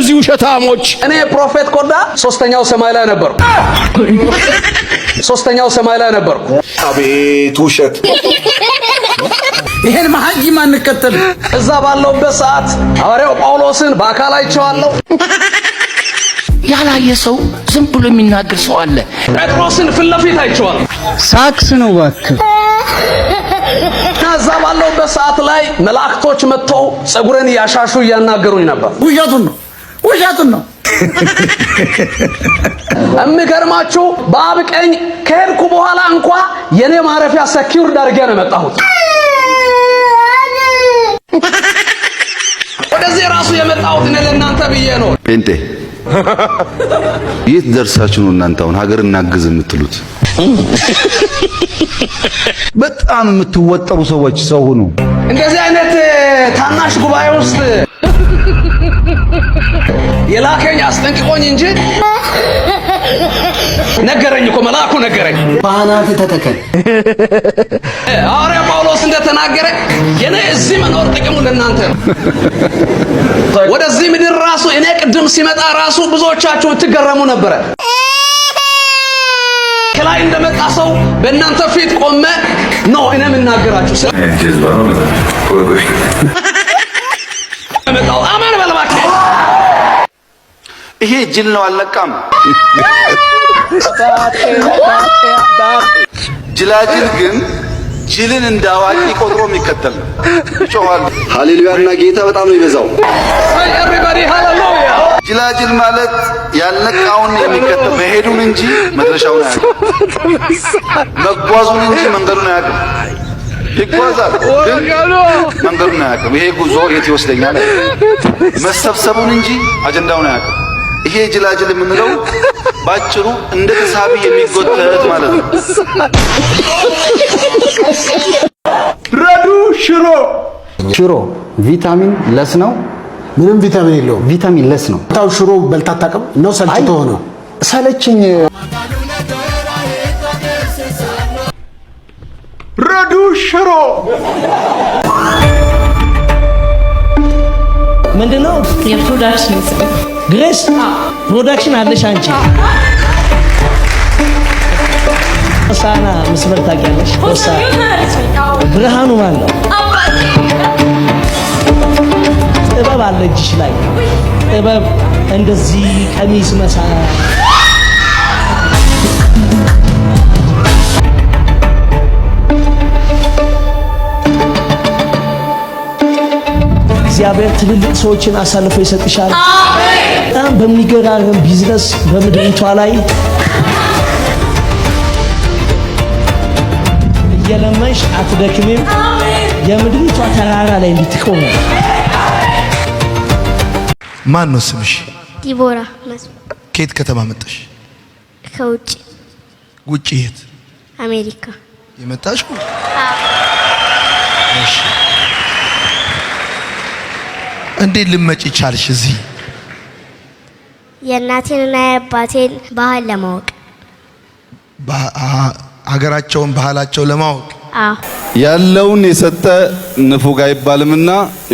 እነዚህ ውሸታሞች። እኔ ፕሮፌት ኮዳ ሶስተኛው ሰማይ ላይ ነበር፣ ሶስተኛው ሰማይ ላይ ነበር። አቤት ውሸት! ይሄን መሀይም ማንከተል እዛ ባለውበት ሰዓት ሐዋርያው ጳውሎስን በአካል አይቼዋለሁ። ያላየ ሰው ዝም ብሎ የሚናገር ሰው አለ። ጴጥሮስን ፊት ለፊት አይቼዋለሁ። ሳክስ ነው እባክህ። እዛ ባለውበት ሰዓት ላይ መላእክቶች መጥተው ጸጉረን እያሻሹ እያናገሩኝ ነበር። ውሸቱን ነው ውሸቱን ነው እምገርማችሁ። በአብ ቀኝ ከሄድኩ በኋላ እንኳ የኔ ማረፊያ ሰኪውር ዳርጌ ነው የመጣሁት። ወደዚህ ራሱ የመጣሁት እኔ ለእናንተ ብዬ ነው። ጴንጤ የት ደርሳችሁ ነው እናንተ አሁን ሀገር እናግዝ የምትሉት? በጣም የምትወጠሩ ሰዎች ሰው ሁኑ። እንደዚህ አይነት ታናሽ ጉባኤ ውስጥ የላከኝ አስጠንቅቆኝ እንጂ ነገረኝ እኮ መልአኩ ነገረኝ። በአናትህ ተተከል። ሐዋርያ ጳውሎስ እንደተናገረ የኔ እዚህ መኖር ጥቅሙ ለእናንተ ነው። ወደዚህ ምድር ራሱ እኔ ቅድም ሲመጣ ራሱ ብዙዎቻችሁ ትገረሙ ነበረ። ከላይ እንደመጣ ሰው በእናንተ ፊት ቆመ ነው እኔ የምናገራችሁ ይሄ ጅል ነው አልነቃም። ጅላጅል ግን ጅልን እንደ አዋቂ ቆጥሮ የሚከተል ነው። ይጮኋል። ሃሌሉያና ጌታ በጣም ነው ይበዛው። ጅላጅል ማለት ያልነቃውን የሚከተል መሄዱን እንጂ መድረሻውን አያውቅም፣ መጓዙን እንጂ መንገዱን አያውቅም። ይጓዛል መንገዱን አያውቅም። ይሄ ጉዞ የት ይወስደኛል? መሰብሰቡን እንጂ አጀንዳውን አያውቅም። ይሄ ጅላጅል የምንለው ባጭሩ እንደ ተሳቢ የሚጎተት ማለት ነው። ረዱ ሽሮ ሽሮ ቪታሚን ለስ ነው። ምንም ቪታሚን የለውም። ቪታሚን ለስ ነው። ታው ሽሮ በልታ አታውቅም ነው ሰልችቶ ሆኖ ሰለችኝ። ረዱ ሽሮ ምንድነው? የፕሮዳክሽን ስም ግሬስ ፕሮዳክሽን አለሽ አንቺ ሆሳዕና ምስመር ታውቂያለሽ? ብርሃኑ ማን ነው? ጥበብ አለ እጅሽ ላይ ጥበብ፣ እንደዚህ ቀሚስ መሳ እግዚአብሔር ትልልቅ ሰዎችን አሳልፎ ይሰጥሻል። በጣም በሚገራርም ቢዝነስ በምድሪቷ ላይ እየለመንሽ አትደክሜም። የምድሪቷ ተራራ ላይ እንድትቆም ማን ነው ስምሽ? ዲቦራ መስፍን። ከየት ከተማ መጣሽ? ከውጭ። ውጭ የት? አሜሪካ የመጣሽ? እሺ። እንዴት ልመጪ ቻልሽ እዚህ የእናቴንና የአባቴን ባህል ለማወቅ ሀገራቸውን ባህላቸው ለማወቅ ያለውን የሰጠ ንፉግ አይባልምና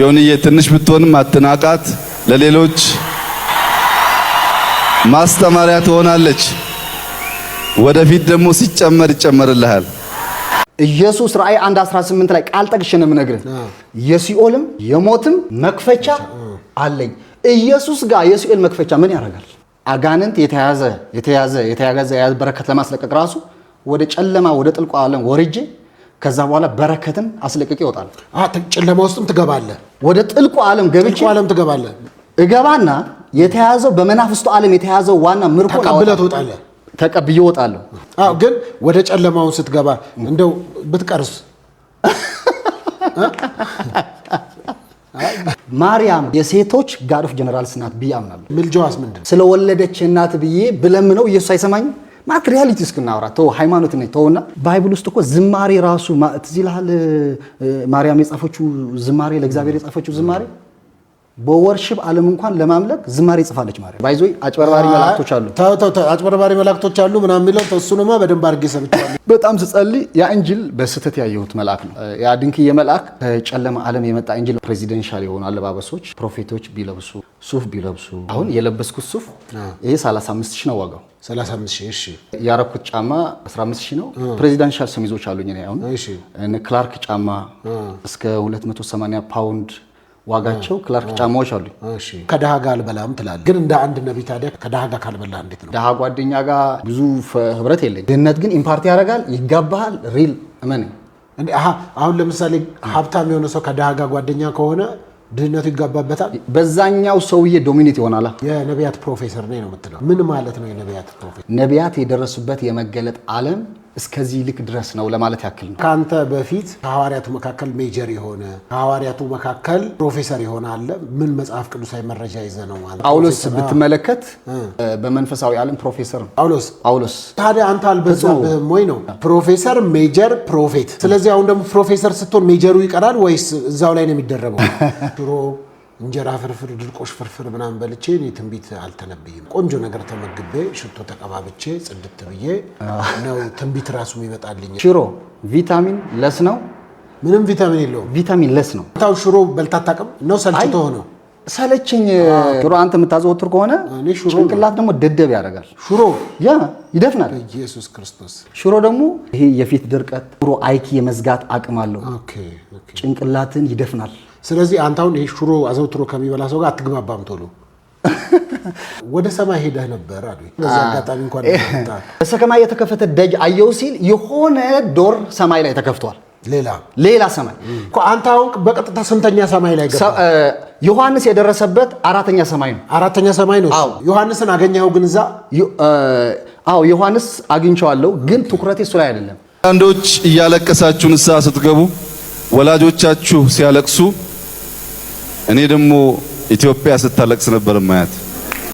ዮንዬ ትንሽ ብትሆንም አትናቃት። ለሌሎች ማስተማሪያ ትሆናለች። ወደፊት ደግሞ ሲጨመር ይጨመርልሃል። ኢየሱስ ራእይ 1:18 ላይ ቃል ጠቅሼ ነው የምነግርህ የሲኦልም የሞትም መክፈቻ አለኝ። ኢየሱስ ጋር የሲኦል መክፈቻ ምን ያደርጋል? አጋንንት የተያዘ የተያዘ የተያዘ የያዘ በረከት ለማስለቀቅ ራሱ ወደ ጨለማ ወደ ጥልቁ ዓለም ወርጄ ከዛ በኋላ በረከትን አስለቅቅ ይወጣል። ጨለማ ውስጥም ትገባለህ፣ ወደ ጥልቁ ዓለም ገብቼ ዓለም ትገባለህ። እገባና የተያዘው በመናፍስቱ ዓለም የተያዘው ዋና ምርኮ ተቀብለህ ትወጣለህ። ተቀብዬ እወጣለሁ። አዎ፣ ግን ወደ ጨለማውን ስትገባ እንደው ብትቀርስ ማርያም የሴቶች ጋድ ኦፍ ጀነራልስ ናት ብዬ አምናለሁ። ምልጃዋስ ምንድን ስለወለደች እናት ብዬ ብለምነው ኢየሱስ አይሰማኝ ማለት ሪያሊቲ እስክናወራ ተው፣ ሃይማኖት ነ ተውና፣ ባይብል ውስጥ እኮ ዝማሬ ራሱ ትዝ ይልሃል? ማርያም የጻፈችው ዝማሬ፣ ለእግዚአብሔር የጻፈችው ዝማሬ በወርሽፕ ዓለም እንኳን ለማምለክ ዝማሬ ጽፋለች ማርያም። ባይዞ አጭበርባሪ መላእክቶች አሉ፣ አጭበርባሪ መላእክቶች አሉ ምናምን የሚለው እሱንማ በደንብ አድርጌ ሰምቻለሁ። በጣም ስጸልይ ያ እንጅል በስህተት ያየሁት መልአክ ነው። ያ ድንክዬ መልአክ ከጨለማ ዓለም የመጣ እንጅል። ፕሬዚደንሻል የሆኑ አለባበሶች ፕሮፌቶች ቢለብሱ ሱፍ ቢለብሱ፣ አሁን የለበስኩት ሱፍ ይሄ 35 ሺህ ነው ዋጋው። 35 ያረኩት ጫማ 15 ሺህ ነው። ፕሬዚዳንሻል ሸሚዞች አሉኝ አሁን ክላርክ ጫማ እስከ 280 ፓውንድ ዋጋቸው ክላርክ ጫማዎች አሉ። ከድሃ ጋር አልበላም ትላለህ፣ ግን እንደ አንድ ነቢ ታዲያ ከደሃ ጋር ካልበላህ እንዴት ነው? ደሃ ጓደኛ ጋር ብዙ ህብረት የለኝ። ድህነት ግን ኢምፓርቲ ያደርጋል፣ ይጋባሃል። ሪል እመን። አሁን ለምሳሌ ሀብታም የሆነ ሰው ከደሃ ጋር ጓደኛ ከሆነ ድህነቱ ይጋባበታል። በዛኛው ሰውዬ ዶሚኔት ይሆናላ። የነቢያት ፕሮፌሰር ነው የምትለው ምን ማለት ነው? የነቢያት ፕሮፌሰር ነቢያት የደረሱበት የመገለጥ አለም እስከዚህ ልክ ድረስ ነው ለማለት ያክል ነው። ከአንተ በፊት ከሐዋርያቱ መካከል ሜጀር የሆነ ከሐዋርያቱ መካከል ፕሮፌሰር የሆነ አለ። ምን መጽሐፍ ቅዱሳዊ መረጃ ይዘ ነው ማለት? ጳውሎስ ብትመለከት በመንፈሳዊ ዓለም ፕሮፌሰር ነው ጳውሎስ። ጳውሎስ ታዲያ አንተ አልበዛብህም ወይ ነው? ፕሮፌሰር፣ ሜጀር፣ ፕሮፌት። ስለዚህ አሁን ደግሞ ፕሮፌሰር ስትሆን ሜጀሩ ይቀራል ወይስ እዛው ላይ ነው የሚደረገው? እንጀራ ፍርፍር፣ ድርቆሽ ፍርፍር ምናምን በልቼ እኔ ትንቢት አልተነብይም። ቆንጆ ነገር ተመግቤ ሽቶ ተቀባብቼ ጽድት ብዬ ነው ትንቢት ራሱ ይመጣልኝ። ሽሮ ቪታሚን ለስ ነው፣ ምንም ቪታሚን የለውም። ቪታሚን ለስ ነው። ታው ሽሮ በልታ አታውቅም ነው ሰልችቶ ሆነው ሰለችኝ ሽሮ አንተ የምታዘወትር ከሆነ ጭንቅላት ደግሞ ደደብ ያደርጋል። ሽሮ ያ ይደፍናል። ኢየሱስ ክርስቶስ ሽሮ ደግሞ ይሄ የፊት ድርቀት፣ ሮ አይኪ የመዝጋት አቅም አለው። ጭንቅላትን ይደፍናል። ስለዚህ አንተ አሁን ይሄ ሽሮ አዘውትሮ ከሚበላ ሰው ጋር አትግባባም ቶሎ ወደ ሰማይ ሄደህ ነበር አሉ። በዚህ አጋጣሚ እንኳን በሰማይ የተከፈተ ደጅ አየው ሲል የሆነ ዶር ሰማይ ላይ ተከፍቷል። ሌላ ሌላ ሰማይ እኮ አንተ አሁን በቀጥታ ስንተኛ ሰማይ ላይ ገባ? ዮሐንስ የደረሰበት አራተኛ ሰማይ ነው። አራተኛ ሰማይ ነው። አዎ ዮሐንስን አገኘኸው ግን እዛ? አዎ ዮሐንስ አግኝቸዋለሁ፣ ግን ትኩረቴ እሱ ላይ አይደለም። አንዶች እያለቀሳችሁ ንስሐ ስትገቡ ወላጆቻችሁ ሲያለቅሱ እኔ ደግሞ ኢትዮጵያ ስታለቅስ ነበር ማያት።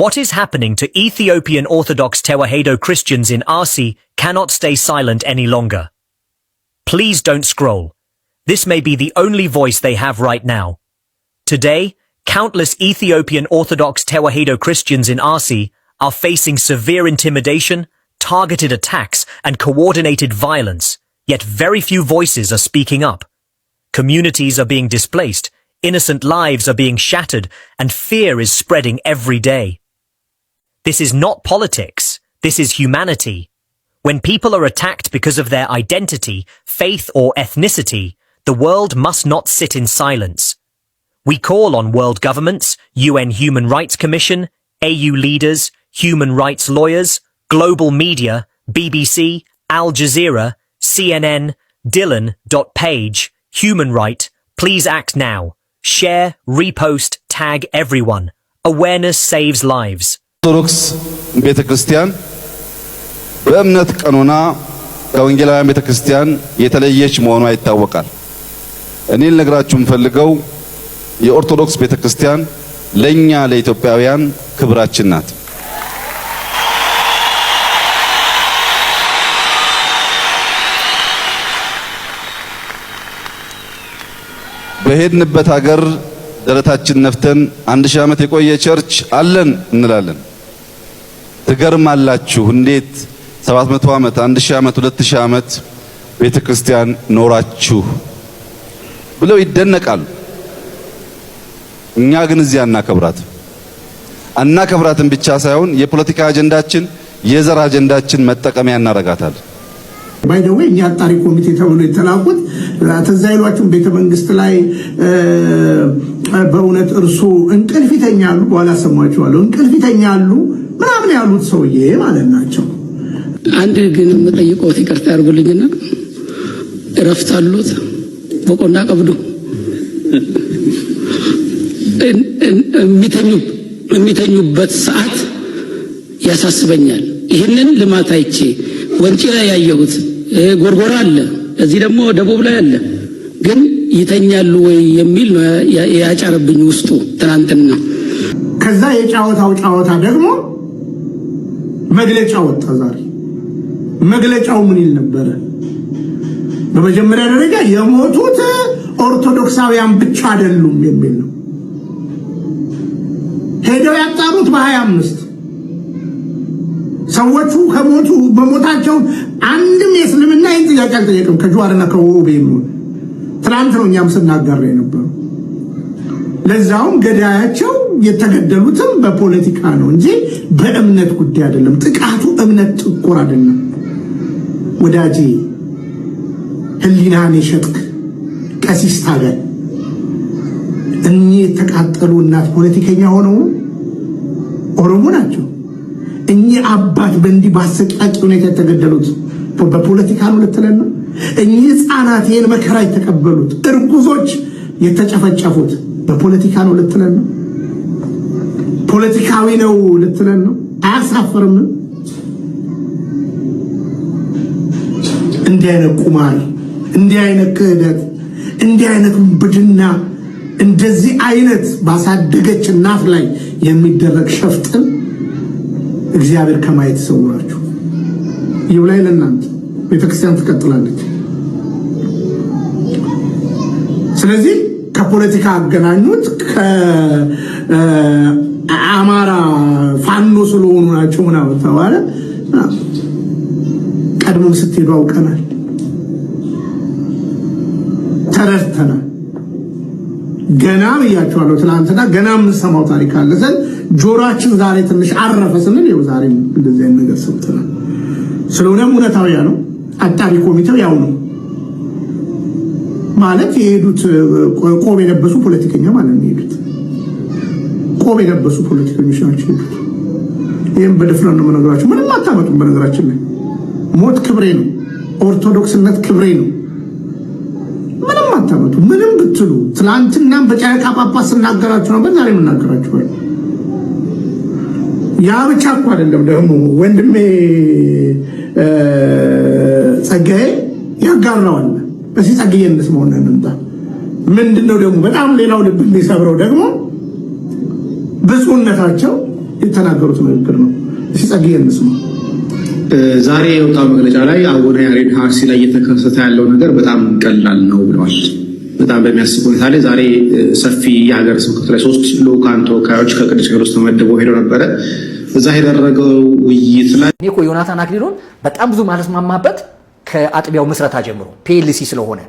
What is happening to Ethiopian Orthodox Tewahedo Christians in Arsi cannot stay silent any longer. Please don't scroll. This may be the only voice they have right now. Today, countless Ethiopian Orthodox Tewahedo Christians in Arsi are facing severe intimidation, targeted attacks, and coordinated violence, yet very few voices are speaking up. Communities are being displaced, Innocent lives are being shattered and fear is spreading every day. This is not politics. This is humanity. When people are attacked because of their identity, faith or ethnicity, the world must not sit in silence. We call on world governments, UN Human Rights Commission, AU leaders, human rights lawyers, global media, BBC, Al Jazeera, CNN, Dylan.page, Human Right, please act now. share, repost, tag everyone. Awareness saves lives. ኦርቶዶክስ ቤተ ክርስቲያን በእምነት ቀኖና ከወንጌላውያን ቤተ ክርስቲያን የተለየች መሆኗ ይታወቃል። እኔ ልነግራችሁ የምፈልገው የኦርቶዶክስ ቤተ ክርስቲያን ለእኛ ለኢትዮጵያውያን ክብራችን ናት። በሄድንበት ሀገር ደረታችን ነፍተን አንድ ሺህ ዓመት የቆየ ቸርች አለን እንላለን። ትገርማላችሁ። እንዴት 700 ዓመት፣ 1000 ዓመት፣ 2000 ዓመት ቤተ ክርስቲያን ኖራችሁ ብለው ይደነቃሉ። እኛ ግን እዚያ አናከብራትም። አናከብራትም ብቻ ሳይሆን የፖለቲካ አጀንዳችን፣ የዘር አጀንዳችን መጠቀሚያ እናረጋታለን። ባይደዌ እኛ አጣሪ ኮሚቴ ተብሎ የተላኩት ትዝ ቤተ መንግስት ላይ በእውነት እርሱ እንቅልፍ ይተኛሉ፣ በኋላ ሰሟችኋለሁ፣ እንቅልፍ ይተኛሉ ምናምን ያሉት ሰውዬ ማለት ናቸው። አንድ ግን የምጠይቀው ይቅርታ ያርጉልኝና እረፍት አሉት በቆና ቀብዱ የሚተኙበት ሰዓት ያሳስበኛል። ይህንን ልማት አይቼ ወንጪ ላይ ያየሁት ጎርጎራ አለ፣ እዚህ ደግሞ ደቡብ ላይ አለ። ግን ይተኛሉ ወይ የሚል ነው ያጫረብኝ ውስጡ ትናንትና። ከዛ የጫወታው ጫወታ ደግሞ መግለጫ ወጣ ዛሬ። መግለጫው ምን ይል ነበረ? በመጀመሪያ ደረጃ የሞቱት ኦርቶዶክሳውያን ብቻ አይደሉም የሚል ነው። ሄደው ያጣሩት በሀያ አምስት ሰዎቹ ከሞቱ በሞታቸው አንድም የእስልምና ይህን ጥያቄ አልጠየቅም። ከጅዋርና ከወቤ ትናንት ነው እኛም ስናጋራ የነበሩ ለዛውም ገዳያቸው የተገደሉትም በፖለቲካ ነው እንጂ በእምነት ጉዳይ አይደለም። ጥቃቱ እምነት ጥቁር አይደለም ወዳጄ። ህሊናን የሸጥክ ቀሲስ ታገል። እኚህ የተቃጠሉ እናት ፖለቲከኛ ሆነው ኦሮሞ ናቸው። እኚህ አባት በእንዲህ በአሰቃቂ ሁኔታ የተገደሉት በፖለቲካ ነው ልትለን ነው? እኚህ ህፃናት ይህን መከራ የተቀበሉት እርጉዞች የተጨፈጨፉት በፖለቲካ ነው ልትለን ነው? ፖለቲካዊ ነው ልትለን ነው? አያሳፍርም? እንዲህ አይነት ቁማር፣ እንዲህ አይነት ክህደት፣ እንዲህ አይነት ብድና እንደዚህ አይነት ባሳደገች እናት ላይ የሚደረግ ሸፍጥን እግዚአብሔር ከማየት ይሰውራችሁ። ላይ ለእናንተ ቤተክርስቲያን ትቀጥላለች። ስለዚህ ከፖለቲካ አገናኙት ከአማራ ፋኖ ስለሆኑ ናቸው ምናምን ተባለ። ቀድሞም ስትሄዱ አውቀናል፣ ተረድተናል። ገና ብያችኋለሁ ትናንትና ገና የምንሰማው ታሪክ አለ ዘንድ ጆሮአችን ዛሬ ትንሽ አረፈ ስንል ይኸው ዛሬ እንደዚህ አይነት ነገር ሰምተናል። ስለሆነም እውነታዊ ነው። አጣሪ ኮሚቴው ያው ነው ማለት የሄዱት ቆብ የለበሱ ፖለቲከኛ ማለት ነው። የሄዱት ቆብ የለበሱ ፖለቲከኞች ናቸው የሄዱት። ይህም በድፍረት ነው የምነግራቸው። ምንም አታመጡም። በነገራችን ላይ ሞት ክብሬ ነው፣ ኦርቶዶክስነት ክብሬ ነው። ምንም አታመጡ። ምንም ብትሉ ትላንትናም በጨረቃ ጳጳስ ስናገራችሁ ነበር፣ ዛሬ የምናገራችኋል። ያ ብቻ እኮ አይደለም። ደግሞ ወንድሜ ጸጋዬ ያጋራዋል። በዚህ ጸጋዬ እንስማውና እንምጣ። ምንድን ደግሞ በጣም ሌላው ልብ የሚሰብረው ደግሞ ብፁዕነታቸው የተናገሩት ንግግር ነው። እሺ ጸጋዬ እንስማ። ዛሬ የወጣው መግለጫ ላይ አቡነ ያሬድ ሀርሲ ላይ እየተከሰተ ያለው ነገር በጣም ቀላል ነው ብለዋል። በጣም በሚያስብ ሁኔታ ላይ ዛሬ ሰፊ የሀገረ ስብከት ላይ ሶስት ልኡካን ተወካዮች ከቅዱስ ሲኖዶስ ተመድበው ሄደው ነበረ። እዛ የደረገው ውይይት ላይ እኔ እኮ ዮናታን አክሊሉን በጣም ብዙ ማለስማማበት ከአጥቢያው ምስረታ ጀምሮ ፒኤልሲ ስለሆነ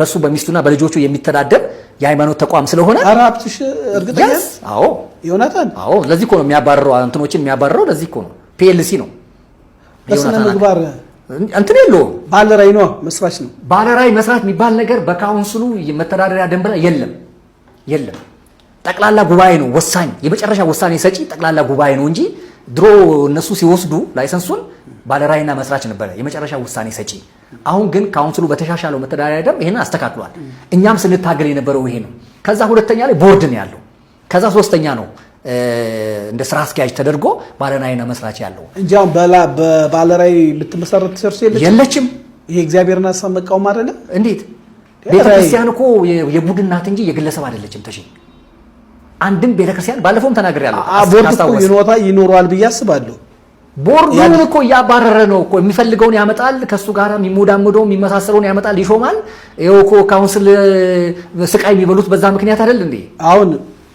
በሱ በሚስቱና በልጆቹ የሚተዳደር የሃይማኖት ተቋም ስለሆነ አራብትሽ እርግጠኛ አዎ፣ ዮናታን አዎ። ለዚህ እኮ ነው የሚያባርረው፣ እንትኖችን የሚያባርረው ለዚህ እኮ ነው። ፒኤልሲ ነው በስነ ምግባር እንትን የለውም። ባለራይ ነው መስራች ነው። ባለራይ መስራት የሚባል ነገር በካውንስሉ መተዳደሪያ ደንብ ላይ የለም የለም። ጠቅላላ ጉባኤ ነው ወሳኝ፣ የመጨረሻ ውሳኔ ሰጪ ጠቅላላ ጉባኤ ነው እንጂ ድሮ እነሱ ሲወስዱ ላይሰንሱን ባለራይና መስራች ነበረ የመጨረሻ ውሳኔ ሰጪ። አሁን ግን ካውንስሉ በተሻሻለው መተዳደሪያ ደንብ ይሄን አስተካክሏል። እኛም ስንታገል የነበረው ይሄ ነው። ከዛ ሁለተኛ ላይ ቦርድ ነው ያለው። ከዛ ሶስተኛ ነው እንደ ስራ አስኪያጅ ተደርጎ ባለራዕይ ነው መስራች ያለው እንጂ አሁን በባለራዕይ የምትመሰረት ሰርሶ የለችም። ይሄ እግዚአብሔርን ሀሳብ መቃወም አይደለም። እንዴት ቤተክርስቲያን እኮ የቡድን ናት እንጂ የግለሰብ አይደለችም። ተሽ አንድም ቤተክርስቲያን ባለፈውም ተናገር ያለው ቦርድ እኮ ይኖረዋል ብዬ አስባለሁ። ቦርዱን እኮ እያባረረ ነው እኮ የሚፈልገውን ያመጣል። ከእሱ ጋር የሚሞዳምደው የሚመሳሰለውን ያመጣል፣ ይሾማል። ይኸው እኮ ካውንስል ስቃይ የሚበሉት በዛ ምክንያት አይደል እንዴ አሁን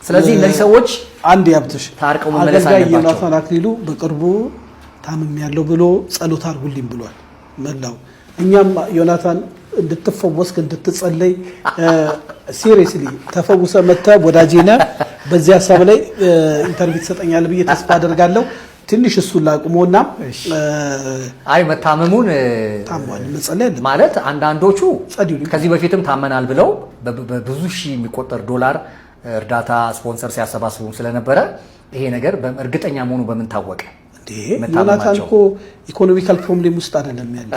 ስለዚህ እነዚህ ሰዎች አንድ ያብትሽ ታርቀው መመለስ አለባቸው። ዮናታን አክሊሉ በቅርቡ ታምም ያለው ብሎ ጸሎት አድርጉልኝ ብሏል። መላው እኛም ዮናታን እንድትፈወስክ እንድትጸለይ ሲሪየስሊ ተፈውሰ መጥተህ ወዳጄ ነህ። በዚህ ሀሳብ ላይ ኢንተርቪው ትሰጠኛል ብዬ ተስፋ አደርጋለሁ። ትንሽ እሱን ላቁሞና አይ መታመሙን መጸለይ ማለት አንዳንዶቹ ከዚህ በፊትም ታመናል ብለው በብዙ ሺህ የሚቆጠር ዶላር እርዳታ ስፖንሰር ሲያሰባስቡ ስለነበረ ይሄ ነገር እርግጠኛ መሆኑ በምን ታወቀ? ዮናታን እኮ ኢኮኖሚካል ፕሮብሌም ውስጥ አይደለም ያለ።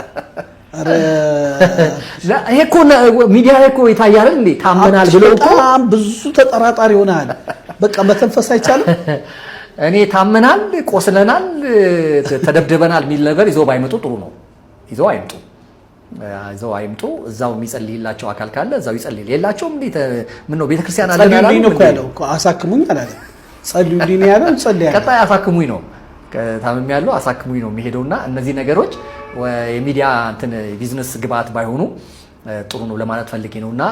ይሄ እኮ ሚዲያ እኮ ይታያል እንዴ ታመናል ብሎ በጣም ብዙ ተጠራጣሪ ሆናል። በቃ መተንፈስ አይቻልም። እኔ ታመናል፣ ቆስለናል፣ ተደብድበናል የሚል ነገር ይዞ ባይመጡ ጥሩ ነው። ይዞ አይምጡም። እዛው አይምጡ። እዛው የሚጸልይላቸው አካል ካለ እዛው ይጸልይ። ሌላቸውም እንዴት ምነው ቤተክርስቲያን አለ ያለው እኮ አሳክሙኝ አላለ። ጸልዩልኝ ነው ያለው። ጸልያለሁ። ቀጣይ አሳክሙኝ ነው ታምም ያለው አሳክሙኝ ነው የሚሄደውና እነዚህ ነገሮች የሚዲያ እንትን ቢዝነስ ግብዓት ባይሆኑ ጥሩ ነው ለማለት ፈልጌ ነውና